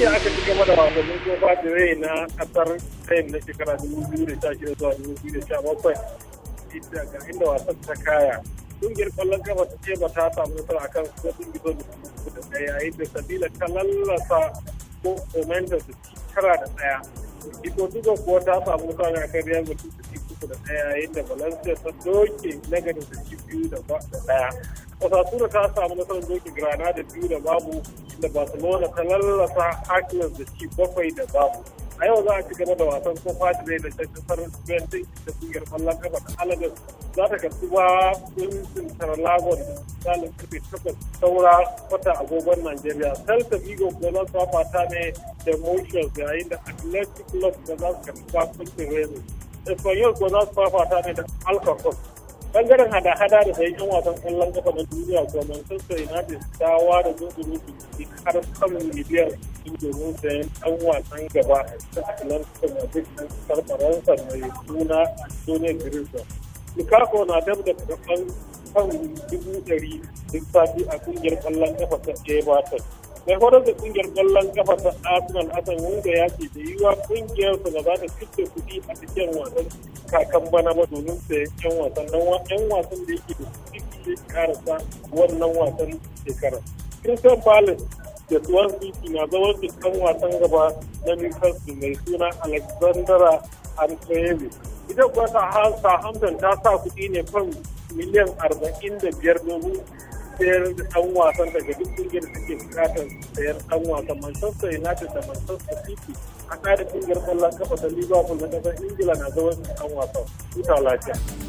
jiya aka ci gaba da wasannin kofa da rai na kasar kayan na shekara 2016 zuwa 2017 ga inda wasan ta kaya kungiyar kwallon kafa ta ce ba ta samu nasara akan kotun gizo da ɗaya yayin da sabila ta lallasa ko omenta su tara da ɗaya iko duka kuwa ta samu nasara ne akan real da su da ɗaya yayin da valencia ta doke nagari su biyu da ɗaya osasuna ta samu nasarar doke granada biyu da babu da barcelona ta lallasa arsenal da ci bakwai da babu a yau za a ci gaba da wasan kofa da zai da kasar spain din da kungiyar kwallon kafa ta alabes za ta karsu ba kungiyar tarlagon da misalin karfe takwas saura kwata agogon nigeria celta vigo ko za su fafata ne da motions yayin da athletic club da za su karsu ba kungiyar reyes espanyol ko za su fafata ne da alcacon bangaren hada-hada da sai yan wasan kallon kafa na duniya kuwa manchester united ta ware zunguru su ci har kan miliyar domin sayan ɗan wasan gaba a cikin madrid na faransa mai suna antonio griezmann lukaku na dab da karɓar kan dubu ɗari duk sati a kungiyar kallon kafa ta everton mai horar da kungiyar kwallon kafa ta arsenal asan wanda ya ce da yiwuwa kungiyar su ba za ta fito kuɗi a cikin wasan kakan bana ba domin sayan yan wasan don yan wasan da yake da su karasa wannan wasan shekarar christian palace da tuwar city na zawar da kan wasan gaba na newcastle mai suna alexandra antoyevi ita kuwa ta hamdan ta sa kuɗi ne fam miliyan arba'in da biyar domin sayar da ɗan wasan daga duk ƙungiyar da suke bukatar sayar ɗan wasan Manchester United da Manchester City a da ƙungiyar ƙwallon kafa da Liverpool na ƙasar Ingila na zaune ɗan wasan. Huta lafiya.